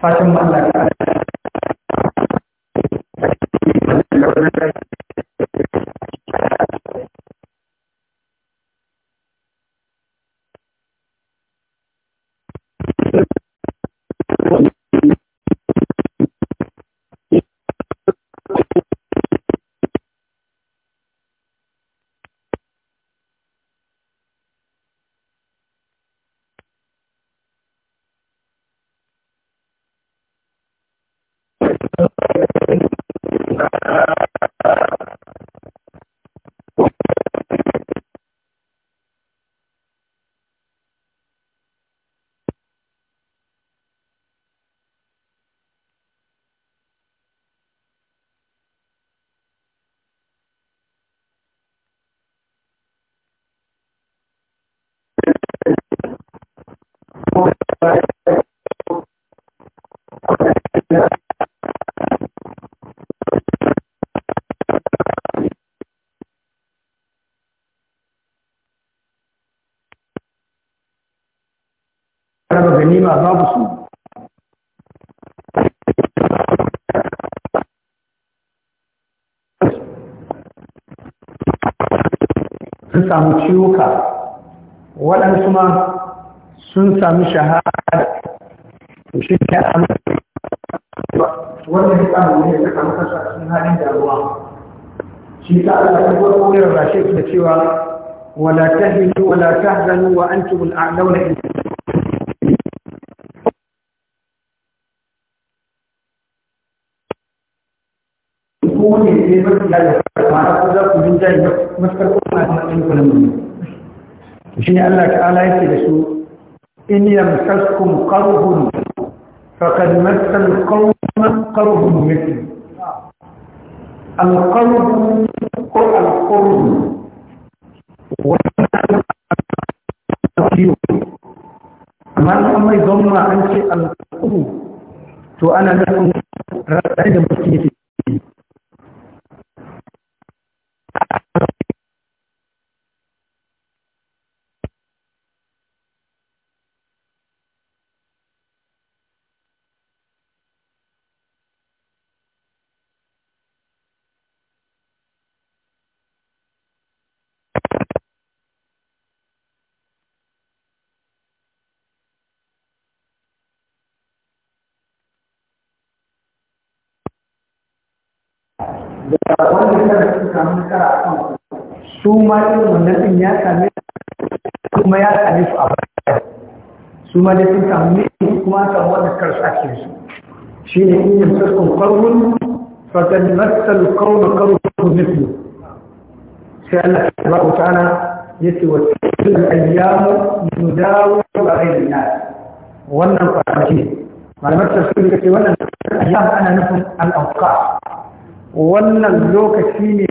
fatan Allah ka samu shahada to shi ne a wannan ya samu ne ya samu kansa a cikin halin damuwa shi ta Allah ya farko ne rashe su da cewa wala tahinu wala tahzanu wa antum al-a'launa in ko ne ne ba ta da fara ko za ku jin jari maskar ko na cikin kullum shi ne Allah ta'ala yake da su إن يمسسكم قرب فقد مس القوم قرب مثل القرب هو القرب amma an mai zama an ce alƙuru to ana nufin raɗaɗi da mutum yake su ma irin wannan ɗin ya same kuma ya same su a baya su ma dai sun samu ne kuma samu wani karsu a cikin su ne in yamsaskun qarrun fakad masal qawlu qarrun mithlu sai Allah subhanahu wa ta'ala yace wa tilkal ayyamu nudawu bainan nas wannan kwanaki malamar tafsiri kace wannan ayyam ana nufin al'auka. wannan lokaci ne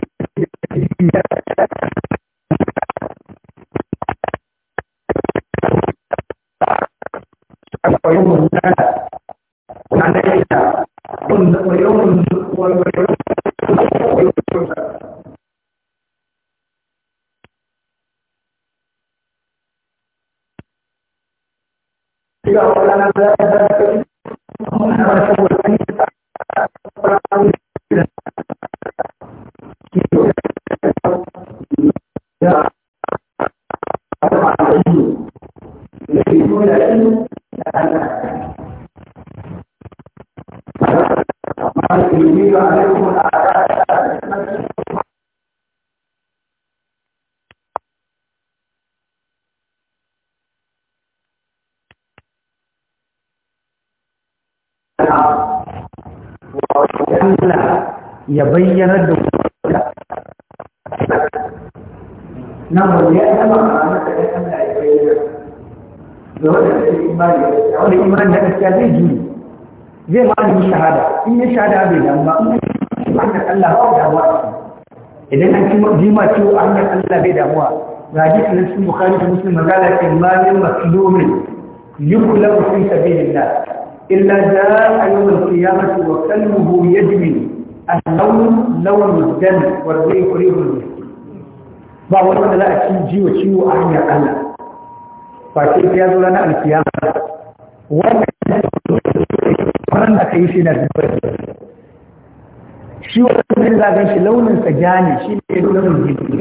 bayyanar da kuma na wani ya zama a ranar da ya Allah ya bayyana da wanda ya imani da wani imani da gaskiya zai ji zai ma da shahada in ya shahada bai damu ba in ya shahada Allah ba damuwa idan an ji ma ciwo a hanyar Allah bai damuwa ga jikin nan cikin bukari da muslim magana ce malin maslumin yukulabu fi sabilillah illa jaa yawm al-qiyamati wa ya yadmi dan wanda ya kuri hulmi ba wani da za a ci jiwa ciwo a hanyar Allah ba ce ya zo ranar alkiyama wannan kwanan da ka yi shi na zubar shi wannan zagan shi launin sa jani shi ne ya jiki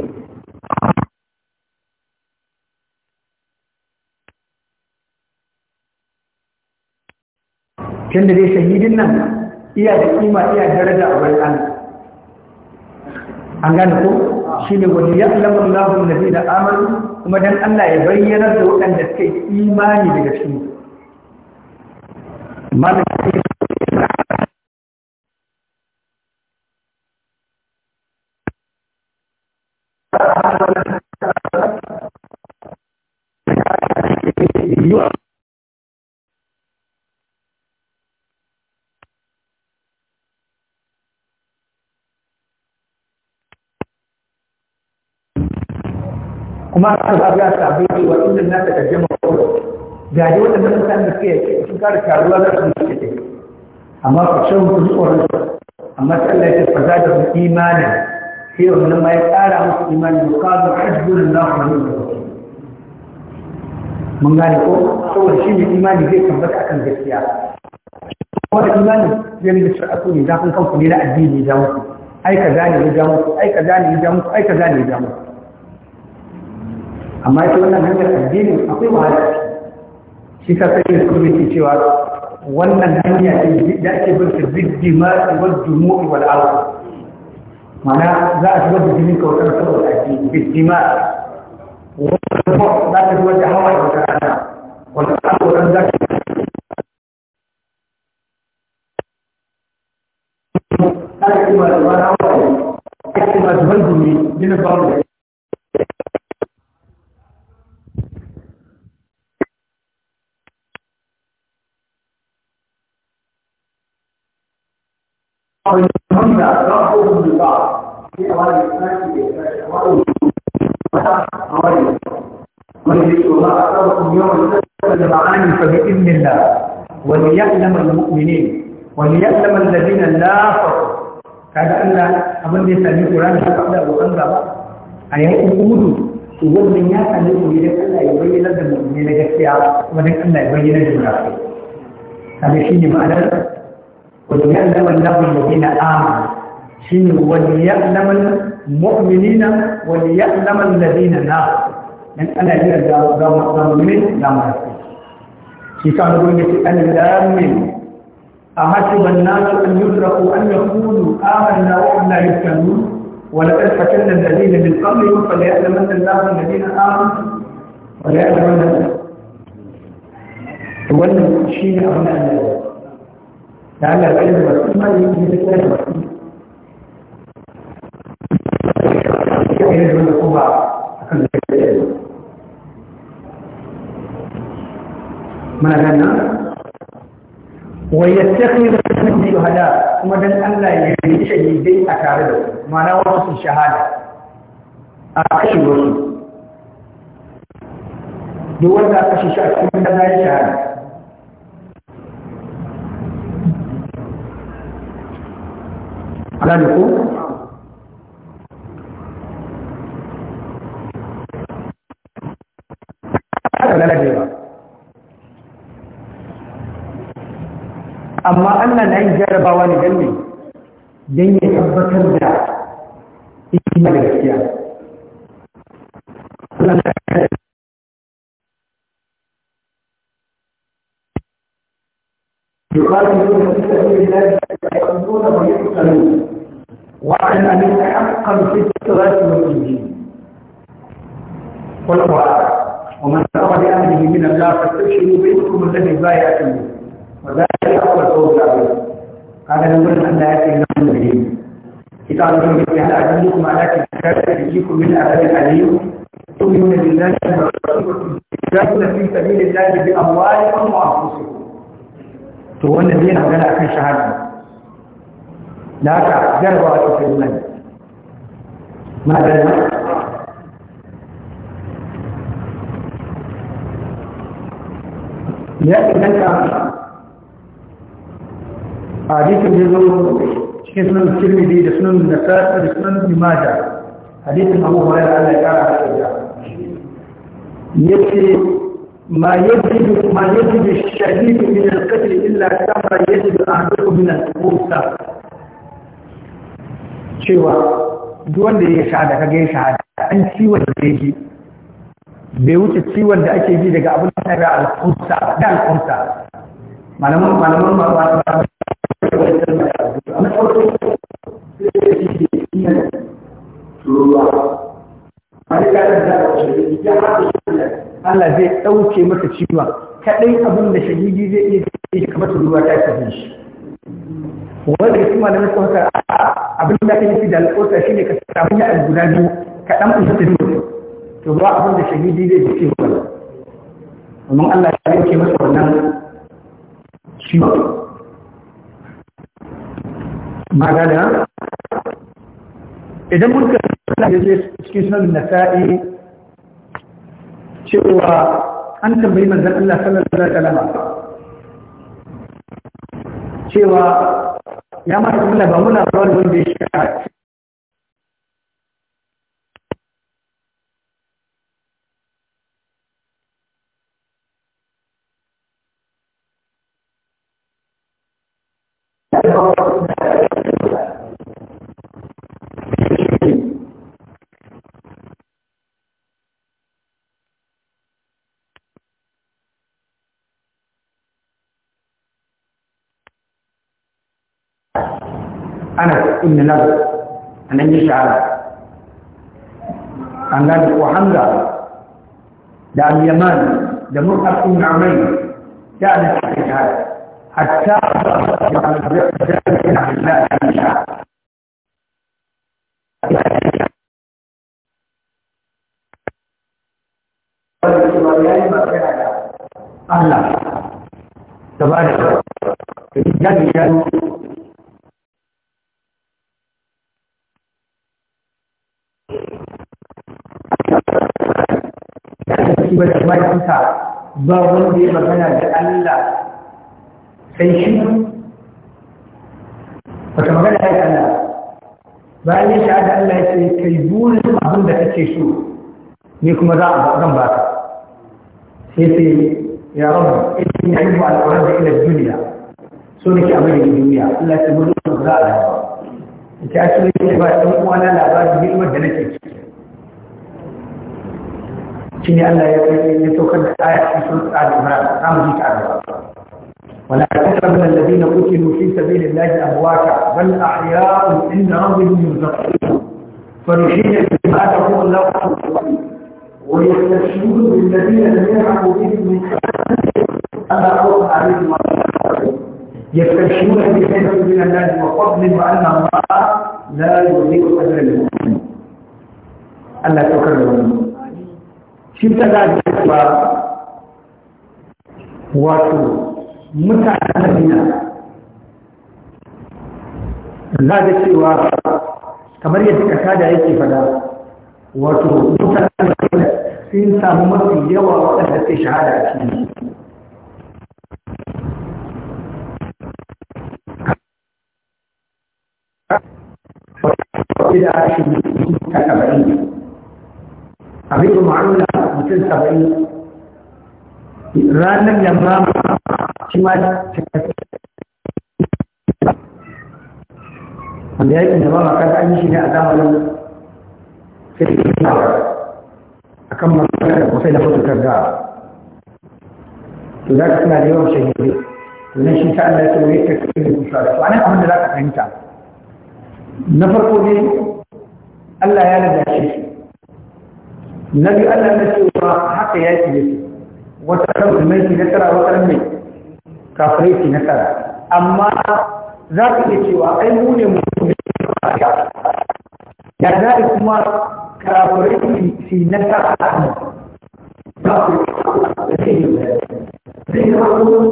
tun da dai shahidin nan iya da kima iya daraja a wurin Allah an gane ko shi ne wani ya lafin na zai da amalu kuma don Allah ya bayyana da waɗanda suka yi imani daga cikin ne. kuma aka zaɓi a sabbin yi wa inda na ta kaje mako ga dai wanda nan mutane da suke sun kare karuwa za su yi ke amma ku shan ku ji tsoron amma sai Allah ya ce faza da su imanin sai wannan ma ya ƙara musu imanin yuqalu hajjun lahu wa ni'mal wakeel mun gane ko saboda shi ne imani zai tabbata akan gaskiya wanda imani zai rinka shi asu ne zafin kanku ne na addini ya ja muku ai kaza ne ya ja muku ai kaza ne ya ja muku ai kaza ne ya ja muku amma ita wannan hanyar addinin akwai wahala shi ka sai da kuma ke cewa wannan hanya ce da ake bin ta biddi ma wal jumu'i wal ardh mana za a shigar da jinin kautar saboda addini biddi ma wata za ta zuwa da hawa da wata rana wata rana za ta ana kuma da wani hawa ake masu bandumi jinin bamu da همزة ربهم ببعض في أوائل الثاني في أوائل أوائل kaga Allah abin da ya sami ta faɗa a wannan ya sami Allah ya bayyana da mu'mini na gaskiya Allah ya bayyana da kaga ma'anar وليعلم الله الذين آمنوا شين وليعلم المؤمنين وليعلم الذين نافقوا من يعني أنا يرجع من لا مرسل في كان يقول لك الآمن أحسب الناس أن يدركوا أن يقولوا آمنا وهم لا يفتنون ولقد فتن الذين من قبلهم فليعلمن الله الذين آمنوا وليعلمن الله wannan shi ne لعل العلم المسلم ما يمكن العلم المسلم يجب أن يكون ما لنا ويتخذ من شهداء وما دل أن لا يجب شهيدين أكارده ما لا وصف الشهادة أكشي وصف دول لا أكشي شهادة gane ko amma Allah na yin jarabawa ne don ne don ya tabbatar da ikina da gaskiya يقاتلون في سبيل الله يقتلون ويقتلون وعلى ان يتحقق في الصراط والتنجيم قل ومن أرى بأمره من الله فاستبشروا بإنكم الذي بايعتم به وذلك هو الفوز العظيم قال نقول أن لا يأتي لهم الدين كتاب من هل أدلكم على كتاب يجيكم من أبد عليم تؤمنون بالله ورسوله تجاهدون في سبيل الله بأموالكم وأنفسكم to wanda zai magana kan shahada da haka jarabawa ta fi imani madalla ya idan ka a hadisin da zo cikin sunan kirmidi da sunan nasar da sunan limaja hadisin abubuwa ya Allah ya kara da ya ce ما يجد ما يجد الشهيد من القتل إلا كما يجد أحدكم من الكوسة cewa duk ya shahada kaga ya shahada an ciwon da yake bai wuce ciwon da ake bi daga abin da ya alkusa da alkusa malaman malaman ba ba ba amma farko sai ya ci ruwa Allah zai ɗauke maka ciwon kaɗai abin da shahidi zai iya ce kamar su ruwa ta kafin shi wanda ya kuma da nasu haka abin da yi nufi da alƙota shi ne ka samu ya guda biyu ka ɗan kusa ta biyu to ba abin da shahidi zai ce wani amma Allah ya ɗauke masa wannan ciwon magana idan muka kalla da zai cikin sunan nasa'i cewa an tambayi manzan Allah sallallahu alaihi wasallam cewa ya mata Allah ba muna ba wani wanda ya shi أنا إن نبي أنا نجيش على أنا نبي وحمد ده اليمن ده مرقب إن عمين ده أنا تحقيق هذا حتى الله تبارك وتعالى sarki ba da bakinsa ba wanda ya magana da Allah sai shi wata magana ya yi Allah bayan ya da Allah ya ce kai burin abin da kake so ne kuma za a zan ba ka sai sai ya rabu in yi ba alƙawarar da ila duniya so nake abin da duniya Allah ya ce mu za a dawo ta shi ne ba ɗan uwana labarin ni'imar da nake شيء الله يتوكل آية في سورة آل عمران نعم جيت آل ولا تكثر من الذين قتلوا في سبيل الله أمواتا بل أحياء عند ربهم يرزقون فرحين بما تقول الله ويستشهدون بالذين لم يلحقوا بهم من أما خوف عليهم يستشهدون بخير من الله وفضل وأن الله لا يضيع أجر المؤمن ألا المؤمن shi ta da ba wato mutane na? za da cewa kamar yadda da yake fada wato mutane madina sun samu mafi yawa waɗanda ke shahada a cikin da ake yi ta abin da ma'amala mutum saba'in ranar yamma shi ma wanda yakin da ma kasa an yi shi ne a zamanin sai da kuma a kan magana da kusa da ta da to za ka suna da yawan shahidai to nan shi ta Allah ya tsawo ya kai da kusa da su abin da za ka fahimta na farko dai Allah ya lalace shi na biyu Allah na cewa haka ya yaki yake wata ran mai ke nasara wata ran mai kafirai ke nasara amma za ka iya cewa ai mu ne ne, musulmi ya za a kuma kafirai su yi nasara a hannu za ku da ke yi ba. zai na wani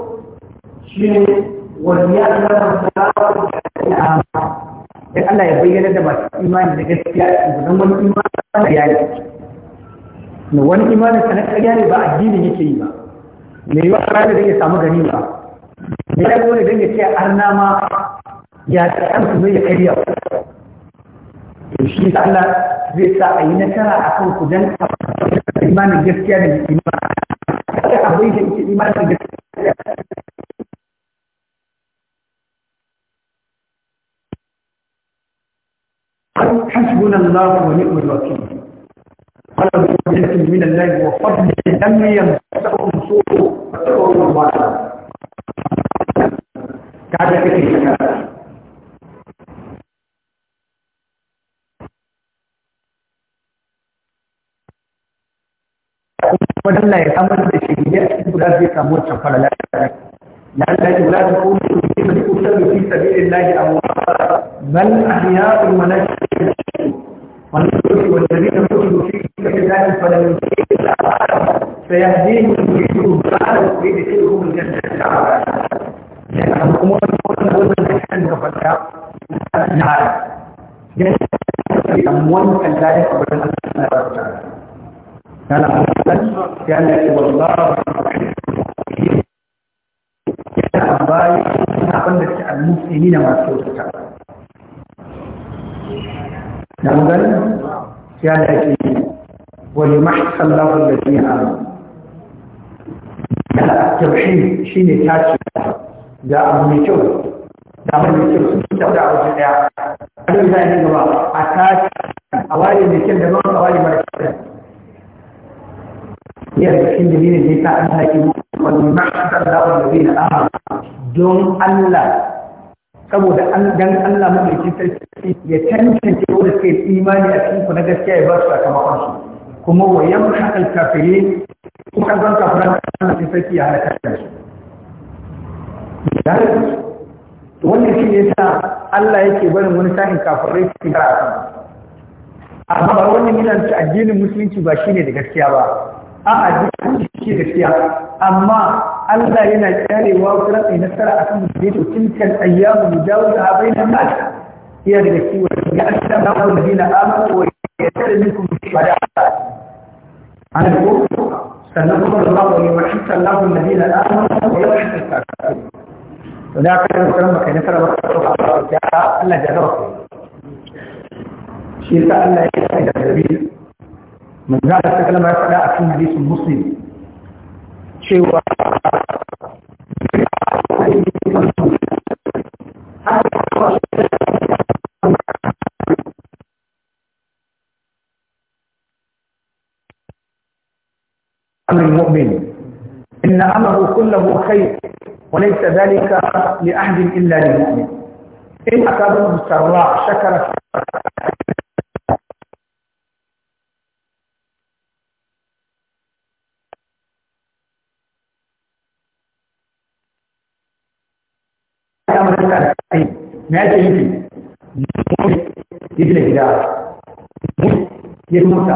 shi ne wani ya zama da ya Allah ya bayyana da masu imani da gaskiya a cikin wani imani da ya na wani imanin sa na ƙarya ne ba addinin yake yi ba me yiwa ƙarya da ya samu gani ba me ya zo ne don ya ce arna ma ya tsayan su zai ƙarya to shi sa Allah zai sa a yi nasara a kan ku don imanin gaskiya da imanin kada abin da yake imanin gaskiya حسبنا الله من الله وفضل لم ينفسهم سوء واتقوا الله قاعدة كثيرة وَلَا يَتَمَنَّى شَيْئًا إِلَّا بِإِذْنِ اللَّهِ وَلَا يَحْزُنُكَ الَّذِينَ يُؤْمِنُونَ بِالْغَيْبِ وَيُقِيمُونَ الصَّلَاةَ وَمِمَّا رَزَقْنَاهُمْ يُنْفِقُونَ وَالَّذِينَ يُؤْمِنُونَ بِالْآخِرَةِ وَيُؤْمِنُونَ بِمَا أُنْزِلَ إِلَيْكَ وَمَا أُنْزِلَ فيهديهم ويجيبهم بعد ويدخلهم الجنة لأنهم هم يقولون أن وقد نعلم جنة الأموال كذلك قبل أن نعلم كان أولا كان يقول الله yana bayi suna wanda ke al-musulmi na masu kyautuka na magana ya da ke وليمحق الله الذين آمنوا التوحيد شيء تاشي da abu mai kyau da abu mai kyau sun kyau da abu daya a yau zai yi gaba a tashi a ware mai kyau da ban a ware mara kyau yar da cikin dalilin da ya ta an haƙi wani ma'asar da zai na aha don Allah saboda an dan Allah mai sarki ya tantance wanda suka yi imani a cikin ku na gaskiya ya ba su sakamakon kuma wa yamhaq al-kafirin kuma zan kafiran na sai sai ya halaka su da to wannan shi ne sa Allah yake barin wani sa'in kafirai su fita a sama amma ba wannan yana ci addinin musulunci ba shine da gaskiya ba a addinin shi ke gaskiya amma Allah yana kyarewa kuma sai nasara akan musulunci to kan ayyamu mujawza baina nas iya daga ciwon ya Allah na wani dina amana wa يسأل منكم الشهداء أنا بقول سنقول الله ويمحص الله الذين آمنوا ويمحص الكافرين وده كان الكلام كان يسأل الله الله جربه شيء سأل الله يسأل النبي من ذلك تكلم يسأل في حديث مسلم شيء أمر المؤمن إن أمره كله خير وليس ذلك لأحد إلا للمؤمن إن أصابه السراء شكر ما يجري يجري كده يموت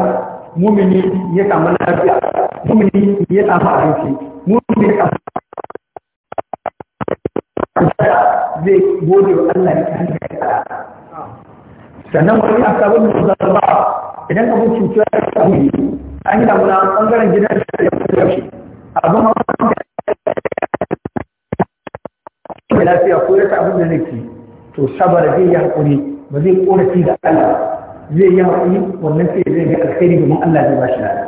مؤمن يتعمل لها mumini ya tsafa abinci mumini zai gode Allah ya da sannan wani a sabon da zama idan abin ya yi an yi damuna ɓangaren gidan shi ya fi yaushe abin hawa da lafiya ko ya tafi da nake to zai yi haƙuri ba zai ƙorafi da Allah zai yi haƙuri wannan sai zai ga alkhairi domin Allah zai ba shi lafiya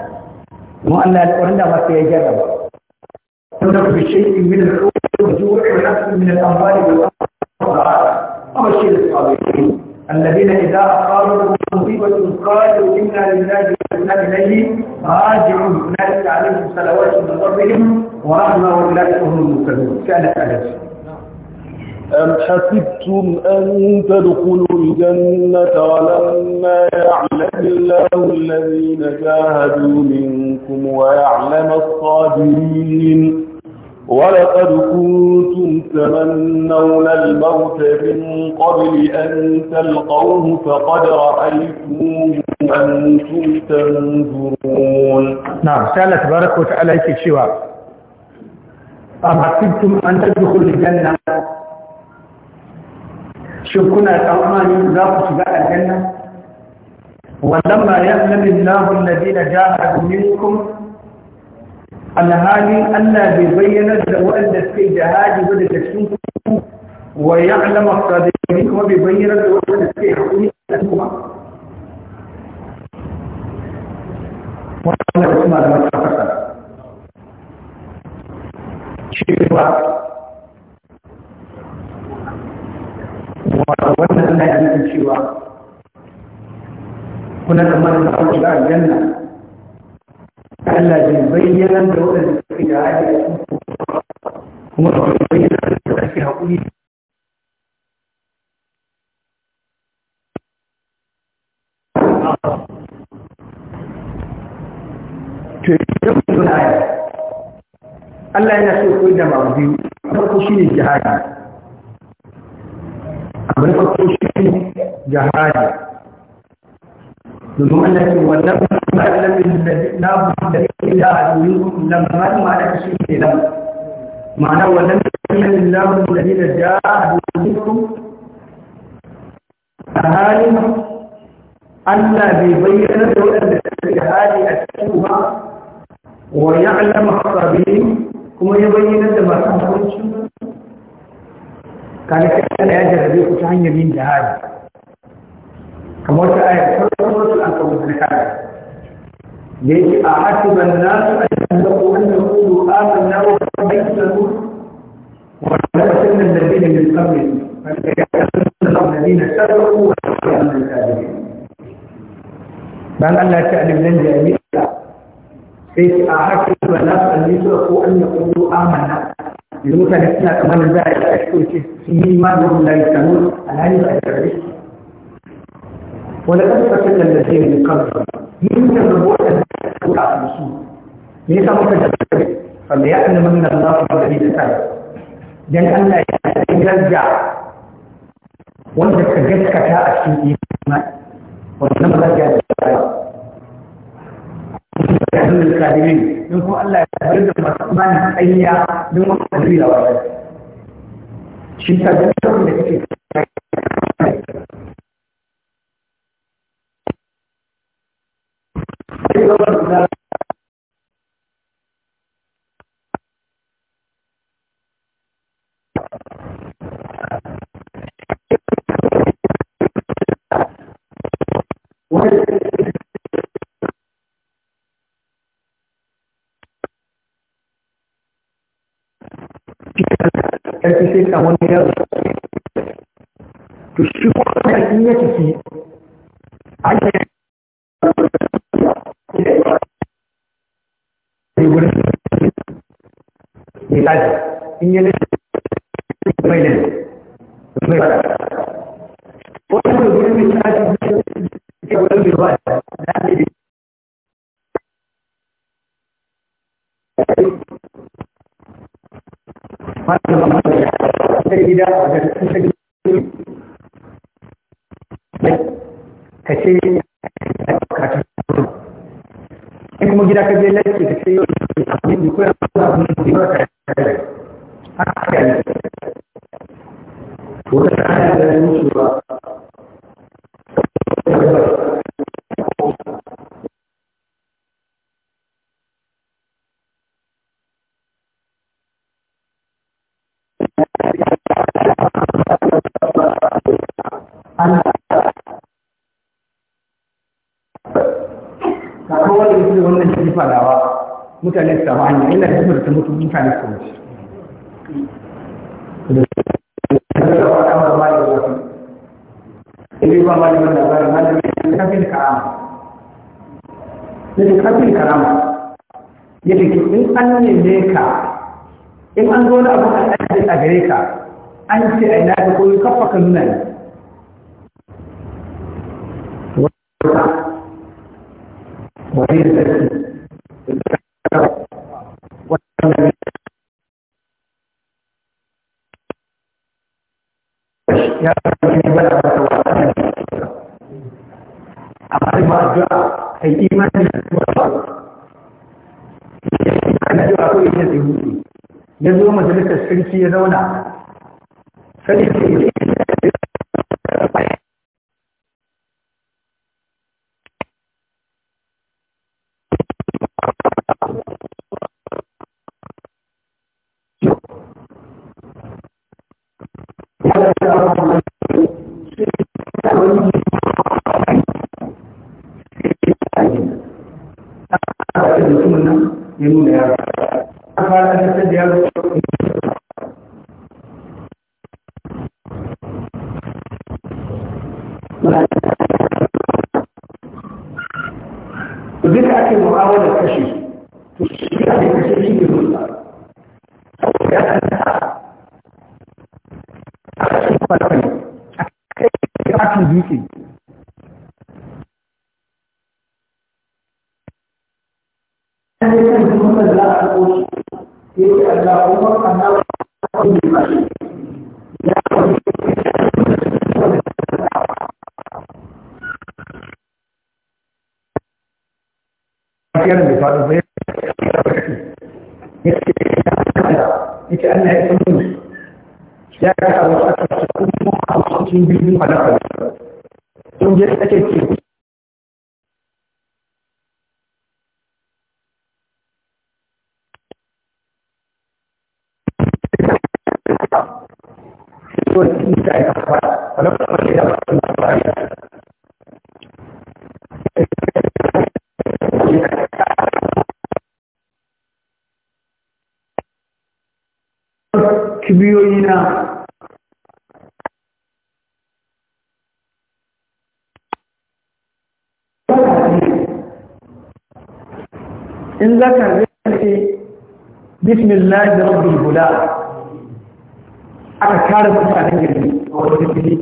وأن الأرنة سيجرب تدرك بشيء من الجوع ونفس من الأنبال والأرض أمشي للصابرين الذين إذا أقاروا المصيبة قالوا إنا لله وإنا إليه راجعوا هنالك عليهم صلوات من ربهم ورحمة ولاتهم المسلمون كانت أجل أم حسبتم أن تدخلوا الجنة ولما يعلم الله الذين جاهدوا منكم ويعلم الصابرين ولقد كنتم تمنون الموت من قبل أن تلقوه فقد رأيتموه أنتم تنظرون نعم سألة تبارك وتعالى شواب أم حسبتم أن تدخلوا الجنة شوف كنا الأرمان يناقش بقى الجنة ولما يعلم الله الذين جاءوا منكم أن هذه أن يبين وأن في جهاد بدأ تكسوكم ويعلم الصادقين وبيبين الزوال في وأن حقوق Thank you. wato wannan ana yi nufin cewa kuna kamar da aka shiga aljanna Allah bai bayyana da waɗanda suke da hali kuma bai bayyana da ake haƙuri to idan kuna Allah yana so koyi da mabu biyu farko shine jihadi abu na farko shi ne jihadi domin Allah ce wannan malamin da na da ya aduyi da malamin ma da shi ne nan ma'ana wannan malamin lamun da ne da ya aduyi a halin Allah bai bayyana da waɗanda suke jihadi a cikin ba wa ya'lamu hasabi kuma ya bayyana da masu hukunci kaga sai Allah ya jarrabe ku ta hanyar yin jihadi kamar ta ayar farkon suratul ankabut na kana da yake a hasiban nasu an yanzu an yaqulu amanna wa qad yaslu wa la tasanna alladhina min qablihim fa yaqulu alladhina sabaru wa yaqulu alladhina dan Allah ta alim nan jami'a sai a hasiban nasu an yaqulu amanna da mutane suna tsammanin da a yi a cikin sun yi ma da wani layi sanu a layi da a tare wani kan sa kan da zai yi kan su yin da rubuwa da ko a su me yasa muka da wanda ya annabi min Allah wa da ta dan Allah ya yi garga wanda ka gaskata a cikin imani wannan magana ya da يحمل الكاذبين منكم الله يبرد المسلمان أيا منكم الكاذبين والله شنت جمشر لكي Thank you. sai ka wani ya to shi ko in ya tafi ake in ya Thank you. wata gida a da kusa ka ce ka ta kuma gida ka je ka gare ka an ce a ina ka koyi kafa ka nuna ne kibiyoyi na in za ka rike bismillah da rabbi guda aka kare mutanen gari a wani fili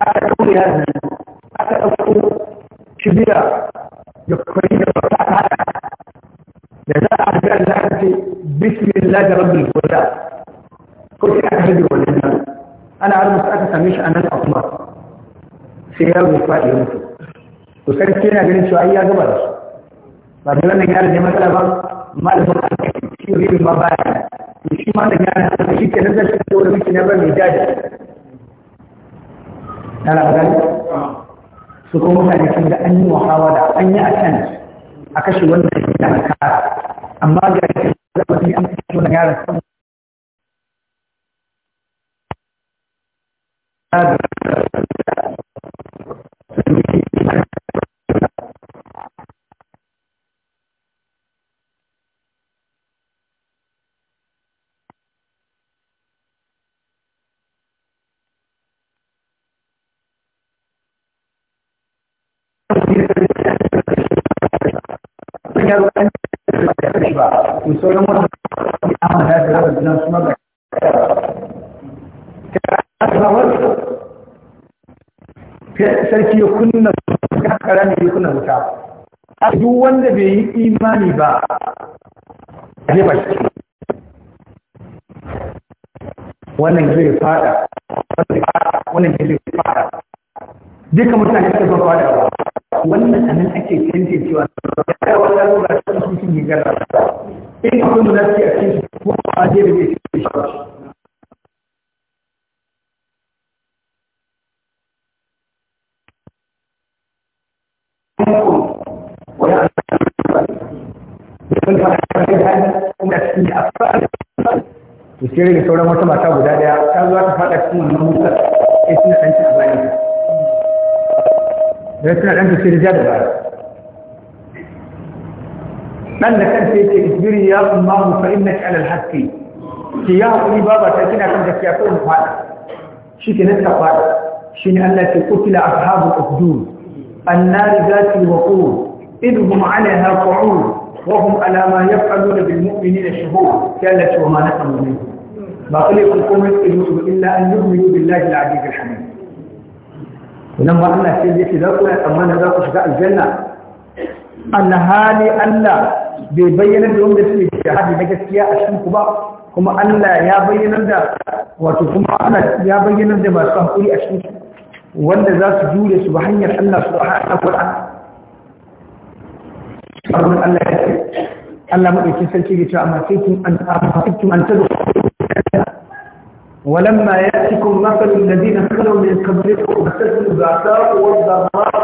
aka ɗauke yaran aka ɗauko shibira da kwari da fasaha da za a ga za ka ce bismillah da rabbi guda ko sai aka hajjar wannan yaro ana armus aka same shi a nan a kuma sai yaro ya faɗi ya mutu to sarki yana ganin cewa ai ya gaba da su ba da wannan yaro ne matsala ba malamin alƙaƙi shi ribin ma baya to shi ma da yaro da shi ke nan zai shi wani miki na ba mai jaji na labarai su kuma mutane sun ga an yi muhawa da an yi a can a kashe wannan yana kara amma ga yadda zama an kashe wannan yaron هذا sarki ya kunna kakara ne ya kunna wuta a duk wanda bai yi imani ba a ba shi wannan zai fada wannan zai fada duka mutane suka fada ba wannan anan ake canji ran wata mata guda daya ta zo ta fada cikin wannan musa sai suna dan ta bayan ta sai suna dan ta sai da ba dan da kan sai yake isbiri ya mu fa innaka ala haqqi ki ya hakuri baba ta kina kan gaskiya ko mu fada shike ne ta fada shine Allah ke kutila ashabul ukhdud annar zati wa waqur idhum alaha qu'ud وهم على ما يفعلون بالمؤمنين شهود قالت وما نقم منهم ما خلقوا قوم يسجدون إلا أن يؤمنوا بالله العزيز الحميد ولما أن سيدي في ذاك أما ذاك شفاء الجنة أن هالي ألا بيبين لهم في الشهادة نجسيا أشمك بقى كما ألا يا بين دا وتكما أنا يا بين دا ما سهولي أشمك وأن ذاك جولي سبحان الله سبحان الله سبحان الله يسير Allah maɗaukin sarki da الله amma sai kun an amma sai kun an tadu ولما يأتكم مثل الذين خلوا من قبلكم مثل الزعتاء والضراء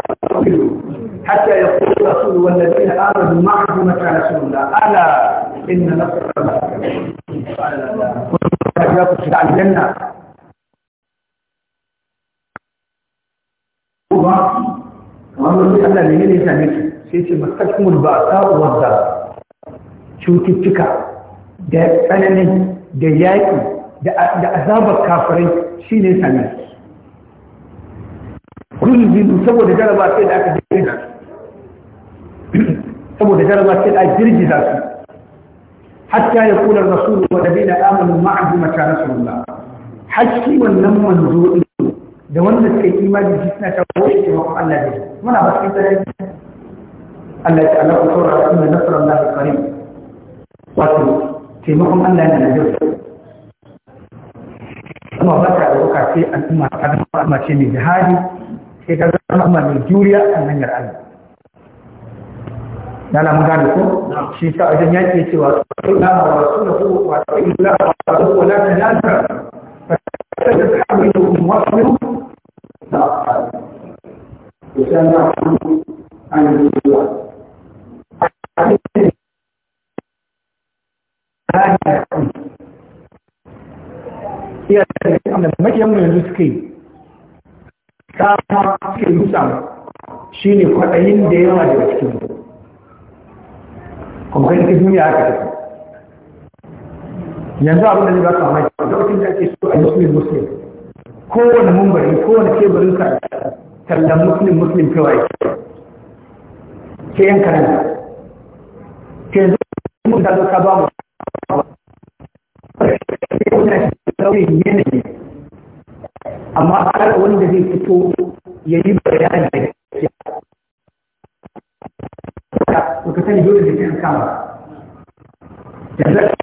حتى يقول الرسول والذين آمنوا معه متى رسول الله ألا إن نصر الله كنت على الجنة wannan duk Allah ne ne same su sai ce masakumul ba'sa wadda cututtuka da da azabar kafirai shi ne sami gulbin saboda jaraba sai da aka girgiza saboda jaraba sai da aka girgiza su hatta ya kula rasulu wa da bina amanu ma'azu mata rasulullah hakki wannan manzo da wanda suka yi imani shi suna ta wuce ce wa Allah ne muna ba su tare Allah ya Allah ku saurara inna nasrullahi qarib wato taimakon Allah yana na jirgi kuma ba ta ɗauka sai al'umma ma ce mai jihadi sai ka zama mai juriya a hanyar Allah ya na na magana ko shi sa wajen yake ya cewa illa wa wa wa wa iya da wanda makiyan mu yanzu suke kama suke musa shi ne kwaɗayin da yawa daga cikin mu kuma kai duniya aka tafi yanzu abin da zai ba ka mamaki da wakil da ake so a muslim muslim kowane mumbari kowane teburin ka tallan musulun muslim kawai ke yan kanan ke yanzu mun da ka ba mu sauyin yanayi amma har wanda zai fito ya yi bayani da gaskiya ba ka sani dole da kyan kama da zai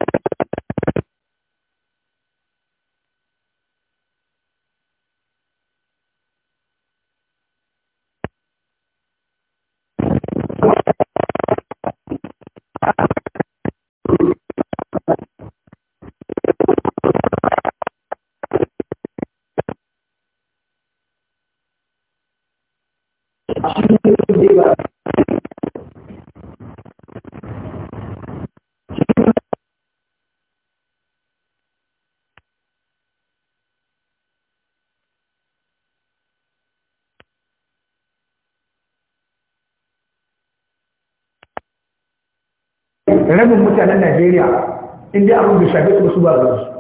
in dai abin da shafe su su ba da su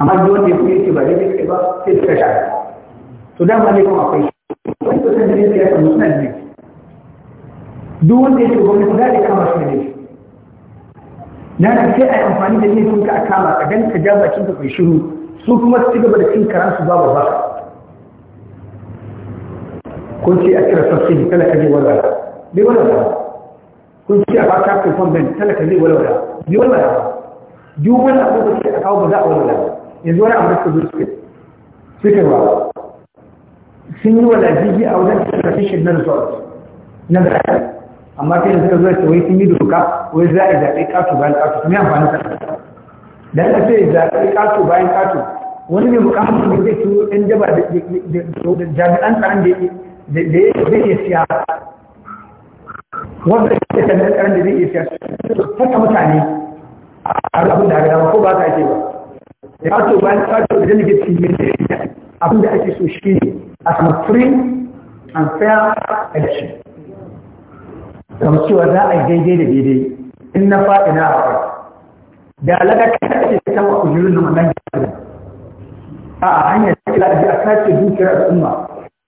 amma duk wanda ya kuma ba daidai kai ba sai to dama ne kuma akwai wani kusan da ne ya samu suna ne duk wanda ya ce gwamnati za ta kama shi ne na da sai a yi amfani da laifin ka a kama ka dan ka ja bakin ka kai shiru su kuma su gaba da cin karan su babu ba kun ce a kira sassi talaka ne wanda bai ba kun ce a baka kun famben talaka zai wala zai walwala wala duk wani ko da a kawo ba za a walwala yanzu wani abu da suka zo suka suka ba sun yi walajiji a wajen tradition na resort na zaɓe amma kai da suka zo da wai sun yi doka wai za a zaɓe ƙato bayan ƙato kuma amfani sa da ka ce zaɓe ƙato bayan ƙato wani mai mukamin da zai turo ɗan jaba da jami'an tsaron da ya zai iya siya wanda ke kan ɗan ƙaran da zai iya siya fata mutane a abin da haka ko ba ka ce ba ya to bayan sato da zai gitsi ne abin da ake so shi ne a samu free and fair election kamar cewa za a yi daidai da daidai in na faɗi na a da alaƙa kan ake kan wa kujerun na wannan a hanyar da kila da a sace dukiyar al'umma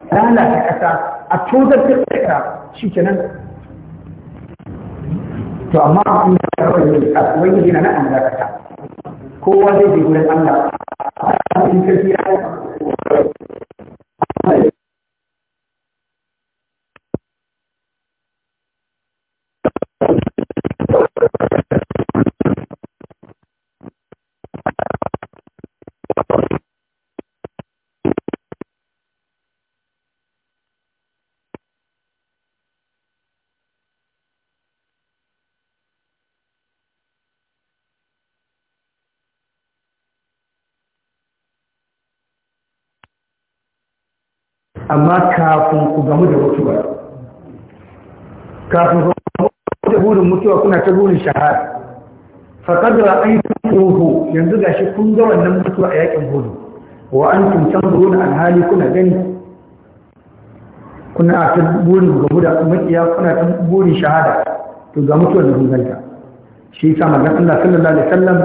lalata ƙasa a tozar da ƙasa shi kenan to amma in da kawai ne a ubangiji na nan da kasa kowa zai je gudan Allah a cikin sarki ya amma kafin ku gamu da mutuwa kafin ku gamu da burin mutuwa kuna ta burin shahara faƙar da an yi tuhu yanzu ga shi kun ga wannan mutuwa a yakin hudu wa an tuncan burin alhali kuna gani kuna ta burin gamu da makiya kuna ta burin shahada to ga mutuwa da hunganta shi sa magan Allah sallallahu alaihi wasallam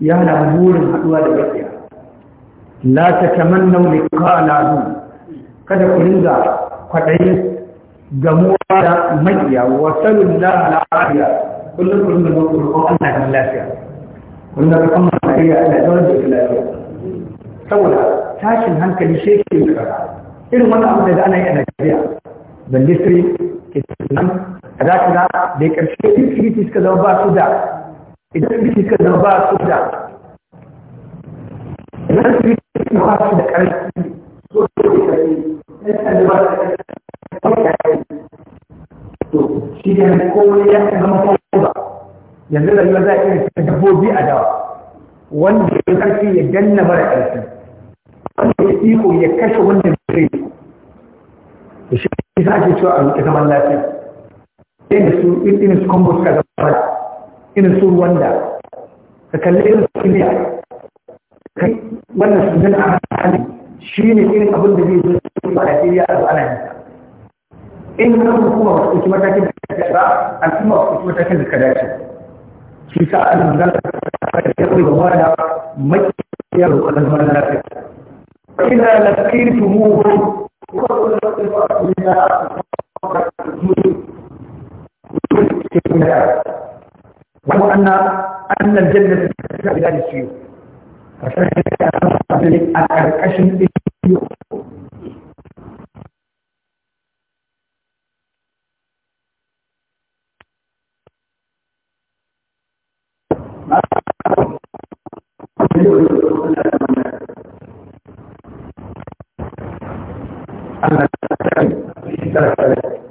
ya hana burin haduwa da makiya la tatamannu liqa al'adu kada ku ringa kwaɗayi gamuwa da maƙiya wa salun da al'afiya kullum kullum da zuwa ko Allah da lafiya Kullum da kan maƙiya Allah da wanda da lafiya saboda tashin hankali shi ke kara irin wannan abin da ana yi a Najeriya da kitman kaza kaza da ya ƙarshe security suka zama ba su da idan security suka zama ba su da idan security ba su da karfi so da karfi to shi ne komai ya zama kowa yanzu da yau za a iya cikin dabbobi a dawa wanda ya karfi ya danna mara ƙarfi wanda ya iko ya kashe wanda zai Ya shi za a ke cewa a riƙe zaman lafiya irin su irin su kwambo suka zama irin su rwanda ka kalli irin su Kai wannan su zana a hannun shi ne irin abin da zai zo ba da shirya a ana yin ta in na hukuma ba su ɗauki matakin da ka dace ba al'umma ba su ɗauki matakin da ka dace shi sa an zan ya kai ga wani makiyar roƙon zaman lafiya ina lafiya tumu وهو أن أن الجنة في بلاد السيوف فشهد أن الأشن السيوف Thank you.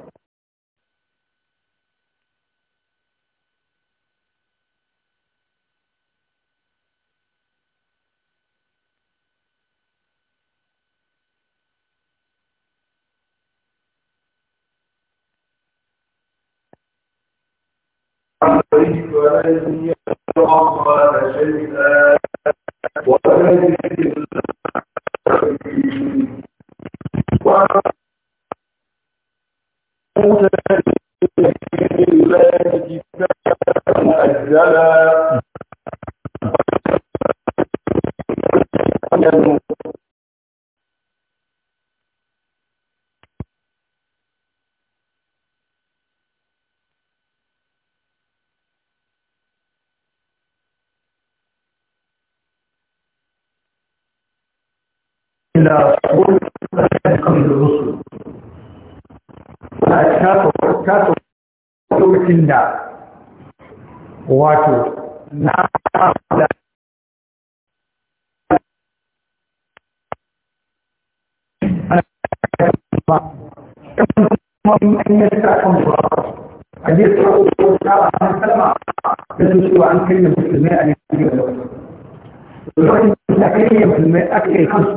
Gracias. إلى قول قبل الرسل وأكاته وأكاته لوكين دا واتو نعم أن يتعلم أن يتعلم أن يتعلم يدرسوا عن كلمة الماء أن يتعلم ولكن كلمة الماء أكثر خمس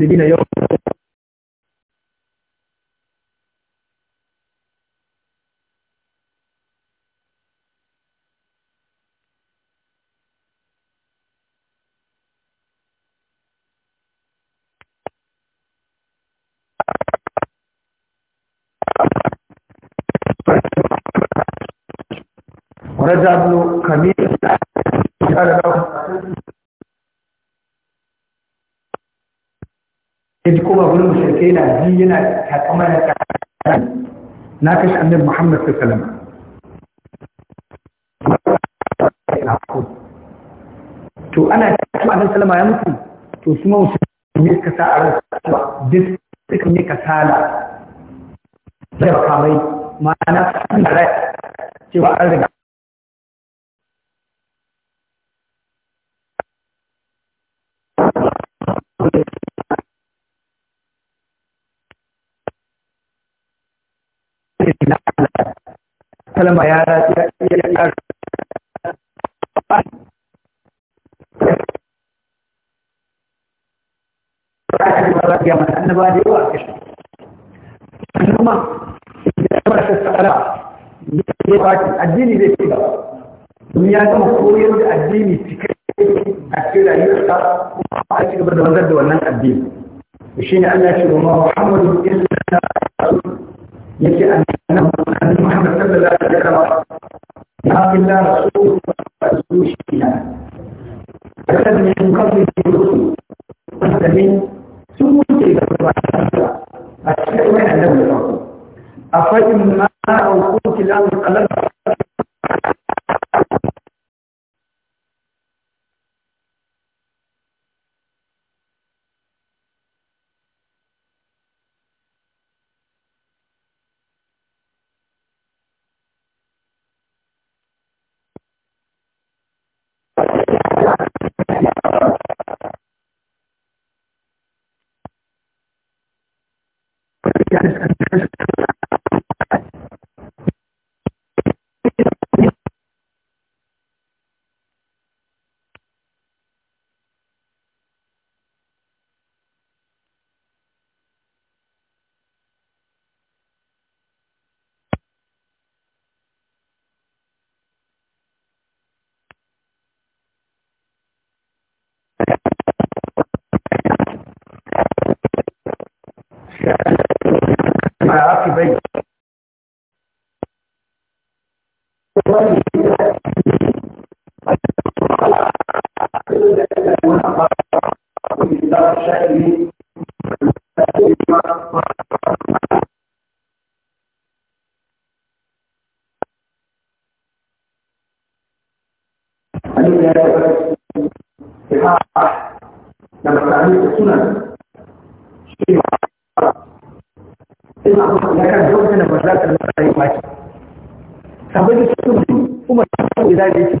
المسلمين يوم ورجع ابن كميل قال له sai kuma gurin mushrikai na ji yana takama da tsakanin na kashe annabi Muhammad sallallahu alaihi wasallam to ana cewa annabi sallama ya mutu to su ma musulmi suka sa a ransu duk suka yi kasala da kamai ma'ana sun da rai cewa an riga sallama manzanni sun wuce da ba a cikin wani annabi da sabai da su kuma ta ko idan ne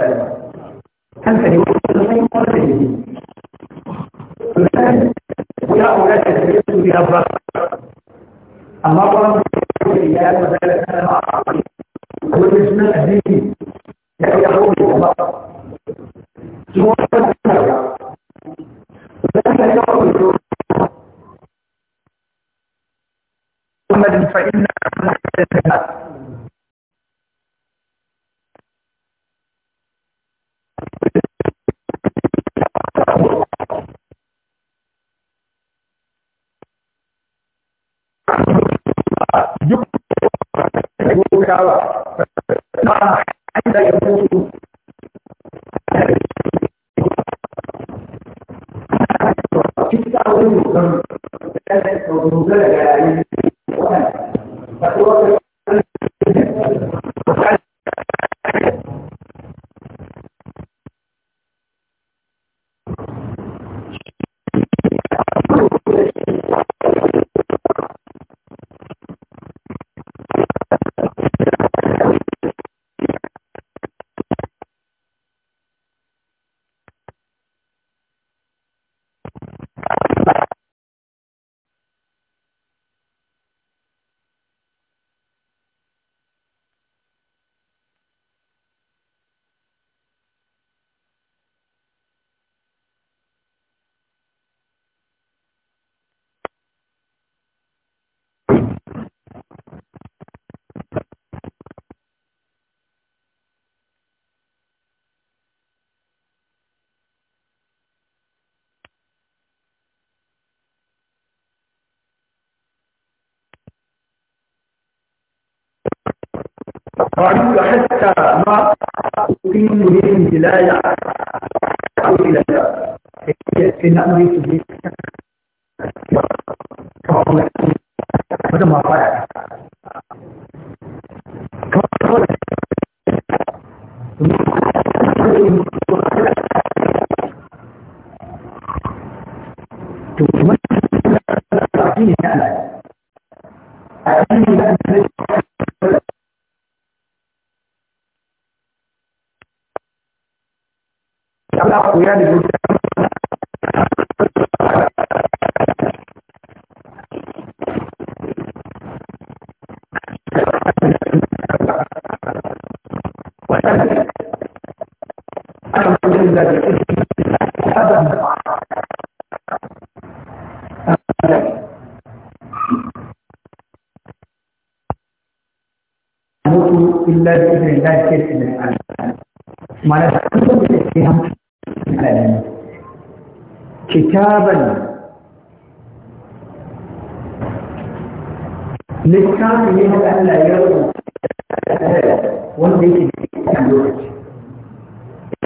kalma kanka ne da ne amma قالوا حتى ما أقيم به الولاية أو إلى إن أمري سبحانه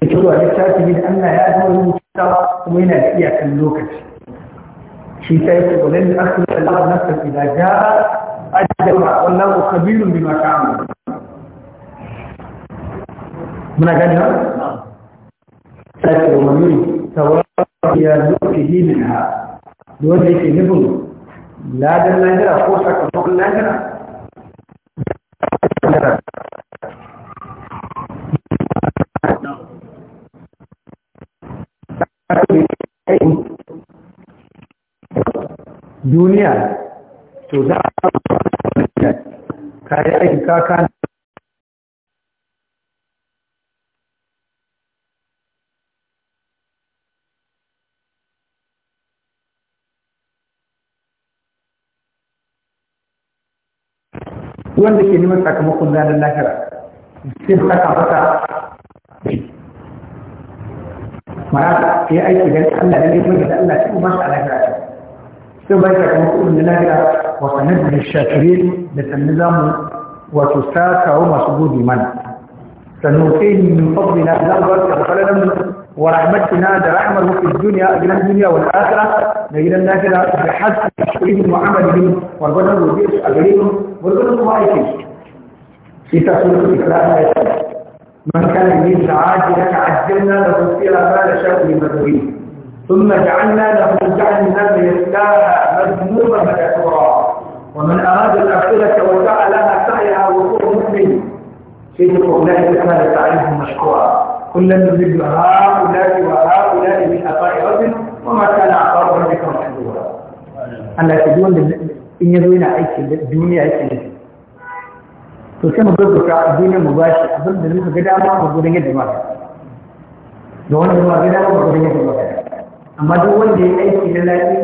cewa littafi ne da Allah ya zama rubutawa kuma yana da iyakan lokaci shi ta yi wannan da aka yi Allah na san idan ja ajaba wallahu khabirun bima ta'malu muna gani ba sai ku wani tawafi ya lokaci minha wanda yake nufin ladan lahira ko sakamakon lahira duniya to za a kayi aiki kaka wanda ke neman sakamakon ranar lahira sai saka mata mara ya aiki don Allah da kuma da Allah ta kuma shi a lahira sai bai ka kuma kudin da lahira wa sanar da shakirin da sannu za mu wato sakawa masu gode mana sannu sai ni min fadli na za mu barka da falalan mu wa rahmatina da rahmar mu fi duniya a gidan duniya wal akhirah da gidan lahira da hasan shukrihi wa amalihim wa gwadan rubi a gare mu wa gwadan kuma aiki shi ta sura ikhlas ya ce man kana min sa'ati laka ajjalna lahu fiha ma la sha'a min madhurin ثم جعلنا له جعلنا ليسلاها مذموما مدحورا ومن اراد الاخره ودعا لها سعيها وهو مؤمن في الله تعالى تعريف مشكورا كلا نزيد هؤلاء وهؤلاء من اباء رب وما كان عطاء ربك محذورا أنا تقول إن يدوينا أي شيء الدنيا أي شيء تسمى ضدك الدنيا مباشرة ضد المسجد قدامه وقدامه دماغه دون دماغه قدامه وقدامه دماغه amma duk wanda ya aiki na lafiya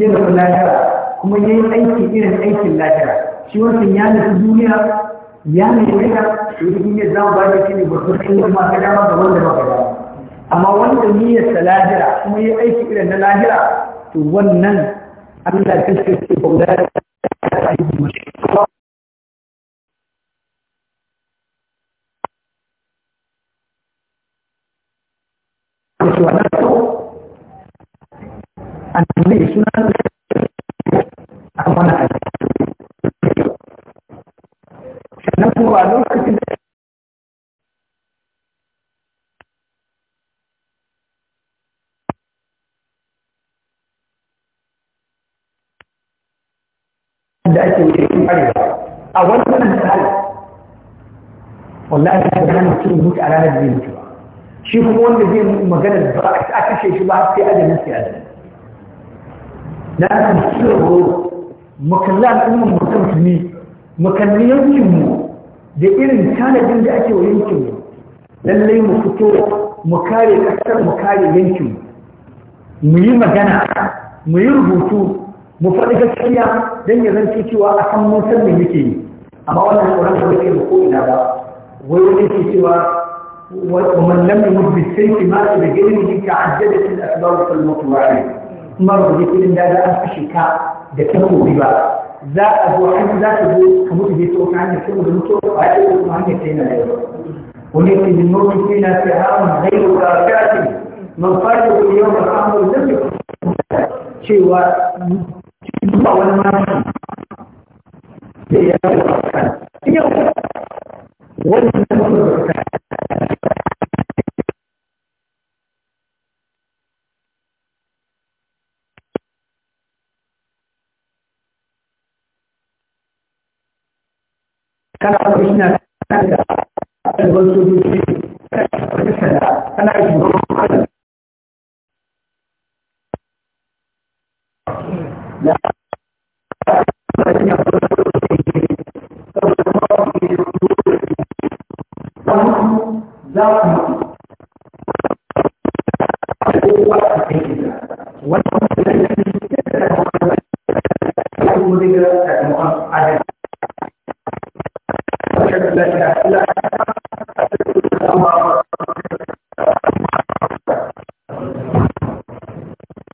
ya lafiya kuma ya yi aiki irin aikin lafiya shi wancan ya nufi duniya ya nufi lafiya to yi duniya za mu bada shi ne gwargwar kan yi kuma ka dama ga wanda ba ka dama amma wanda sa lahira kuma ya aiki irin na lafiya to wannan Allah ya ce shi ba da aiki mashi ne suna a wani aiki sannan kuma a lokacin da da ake wuce cikin arewa a wannan tsari wallahi ta gana mutum mutu a ranar zai mutu shi kuma wanda zai magana ba a kashe shi ba sai ajalin sai ajalin لكن السعر مكلام أمم مكلمي مكلمي يمكنه لإن كان جنجة أتي ويمكنه لن لي مكتور مكاري أكثر مكاري يمكنه مهمة جنة مهمة جنة مفرقة شيئا لن يغنسي سوى أحمد مرسل بكي أما أولا القرآن الرسول يقول إلا بقى ويغنسي سوى ومن لم يمد بالسيف ما تبقينه كعجلة الأسباب فالمطلوع عليه mara da filin da an kashe ka da takobi ba za a zo a za ta zo ka mutu je tsohon hanyar sai da mutu a yi ko hanyar sai na da wani ke da nufin sai na sai zai yi wa kafin man fara da yau da zai cewa ba wani da ya yi wa kan wani na Can I